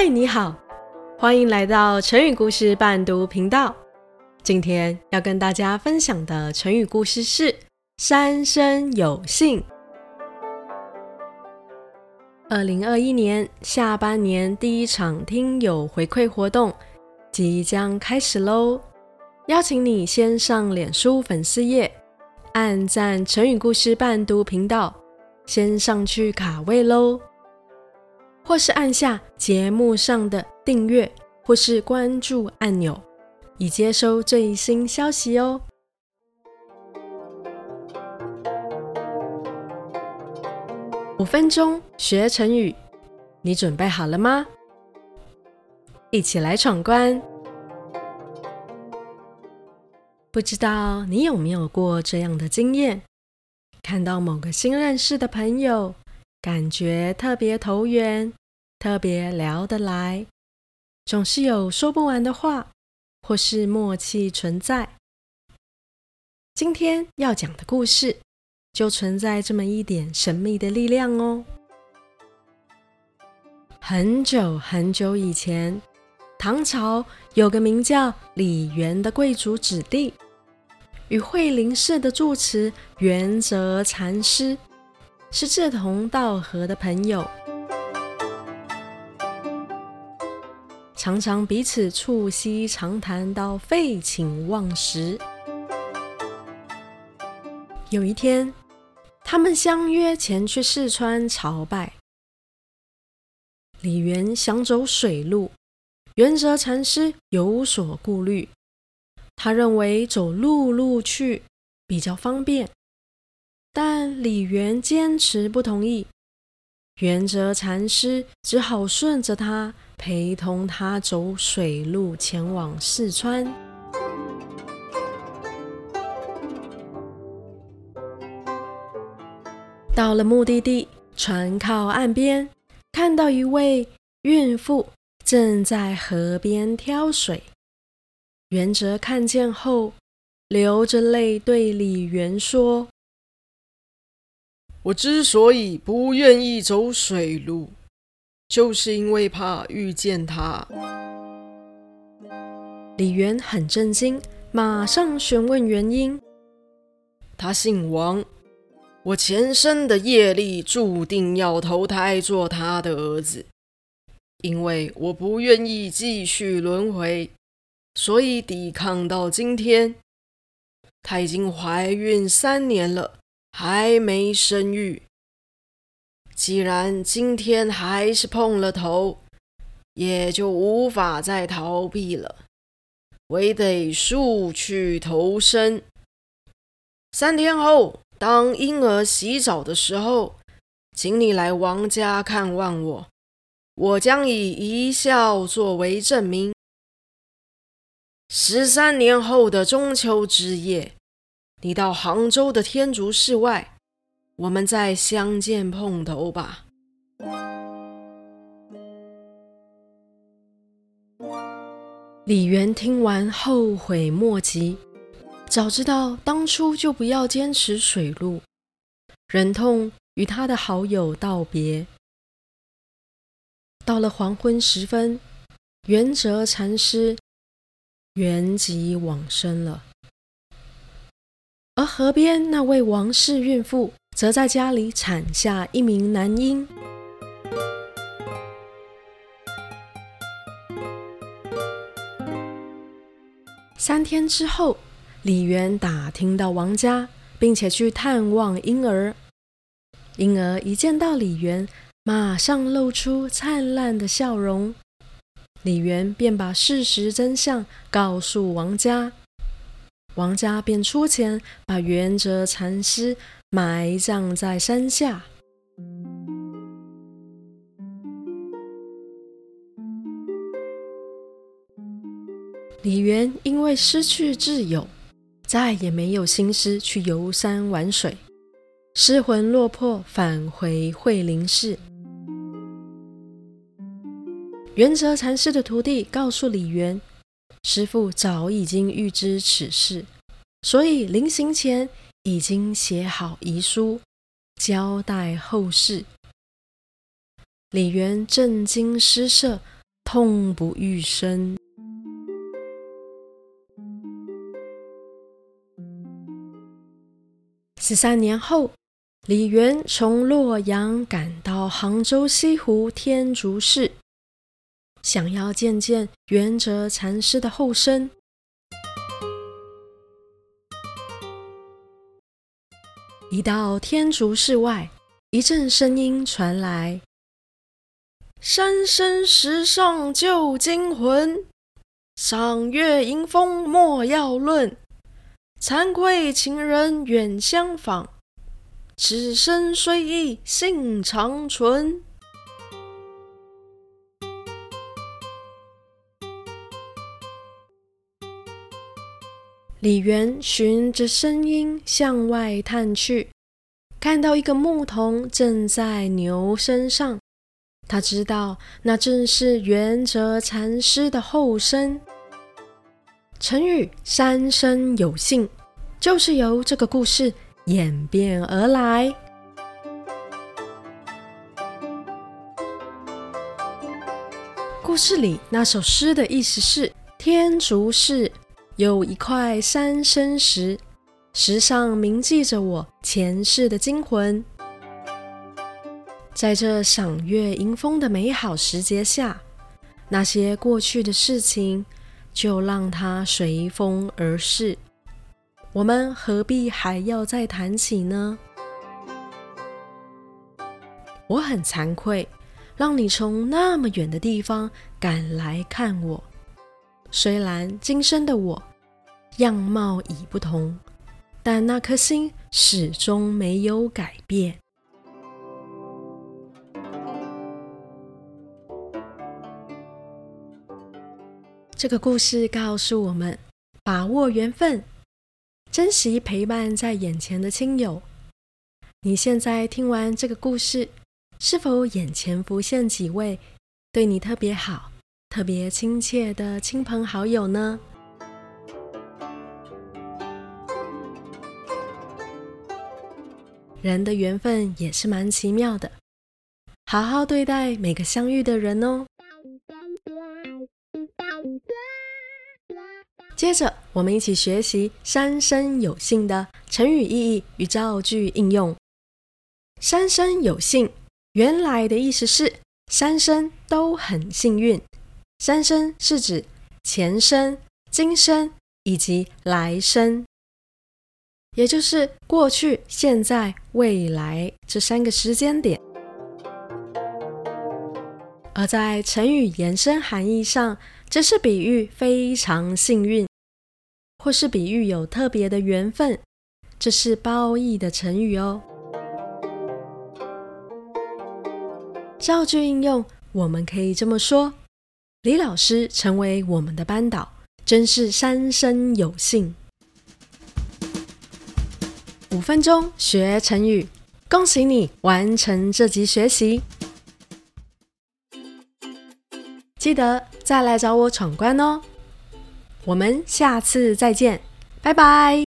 嗨，Hey，你好，歡迎來到成語故事伴讀頻道。今天要跟大家分享的成語故事是“三生有幸”。二零二一年下半年第一場聽友回饋活動即將開始嘍，邀請你先上臉書粉絲頁，按讚“成語故事伴讀頻道”，先上去卡位嘍。或是按下節目上的訂閱或是關注按鈕，以接收最新消息哦。五分鐘學成語，你準備好了嗎？一起來闖關。不知道你有沒有過這樣的經驗？看到某個新認識的朋友。感覺特別投緣，特別聊得來，總是有說不完的話，或是默契存在。今天要講的故事，就存在這麼一點神秘的力量哦。很久很久以前，唐朝有個名叫李源的貴族子弟，與惠林寺的住持圓澤禪師。是志同道合的朋友，常常彼此促膝長談到廢寢忘食。有一天，他們相約前去四川朝拜。李源想走水路，圓澤禪師有所顧慮，他認為走陸路，路去比較方便。但李源堅持不同意，圓澤禪師只好順着他，陪同他走水路前往四川。到了目的地，船靠岸邊，看到一位孕婦正在河邊挑水。圓澤看見後，流着淚對李源說。我之所以不願意走水路，就是因為怕遇見他。李元很震驚，馬上詢問原因。他姓王，我前生的業力注定要投胎做他的兒子，因為我不願意繼續輪回，所以抵抗到今天。他已經懷孕三年了。還沒生育，既然今天還是碰了頭，也就無法再逃避了，我也得速去投生。三天後，當嬰兒洗澡的時候，請你來王家看望我，我將以一笑作為證明。十三年後的中秋之夜。你到杭州的天竺寺外，我們再相見碰頭吧。李源聽完後悔莫及，早知道當初就不要堅持水路，忍痛與他的好友道別。到了黃昏時分，圓澤禪師圓寂往生了。而河邊那位王氏孕婦則在家裡產下一名男嬰。三天之後，李源打聽到王家，並且去探望嬰兒。嬰兒一見到李源，馬上露出燦爛的笑容。李源便把事實真相告訴王家。王家便出錢把圓澤禪師埋葬在山下。李源因為失去摯友，再也沒有心思去遊山玩水，失魂落魄返回惠林寺。圓澤禪師的徒弟告訴李源。師傅早已經預知此事，所以臨行前已經寫好遺書，交代後事。李源震驚失色，痛不欲生。十三年後，李源從洛陽趕到杭州西湖天竺寺。想要見見圓澤禪師的後身。一到天竺寺外，一陣聲音傳來：“三生石上舊精魂，賞月迎風莫要論，慚愧情人遠相訪，此身雖異性常存。”李源循着聲音向外探去，看到一個牧童正在牛身上。他知道那正是圓澤禪師的後身。成語“三生有幸”就是由這個故事演變而來。故事裡那首詩的意思是：“天竺寺。”有一塊三生石，石上銘記着我前世的精魂。在這賞月迎風的美好時節下，那些過去的事情就讓它隨風而逝。我們何必還要再談起呢？我很慚愧，讓你從那麼遠的地方趕來看我。雖然今生的我樣貌已不同，但那顆心始終沒有改變。這個故事告訴我們：把握緣分，珍惜陪伴在眼前的親友。你現在聽完這個故事，是否眼前浮現幾位對你特別好？特別親切的親朋好友呢，人的緣分也是蠻奇妙的。好好對待每個相遇的人哦。接着，我們一起學習“三生有幸”的成語意義與造句應用。“三生有幸”原來的意思是三生都很幸運。三生是指前生、今生以及來生，也就是過去、現在、未來這三個時間點。而在成語延伸含義上，這是比喻非常幸運，或是比喻有特別的緣分，這是褒義的成語哦。造句應用，我們可以這麼說。李老師成為我們的班導，真是三生有幸。五分鐘學成語，恭喜你完成這集學習。記得再來找我闖關哦。我們下次再見，拜拜。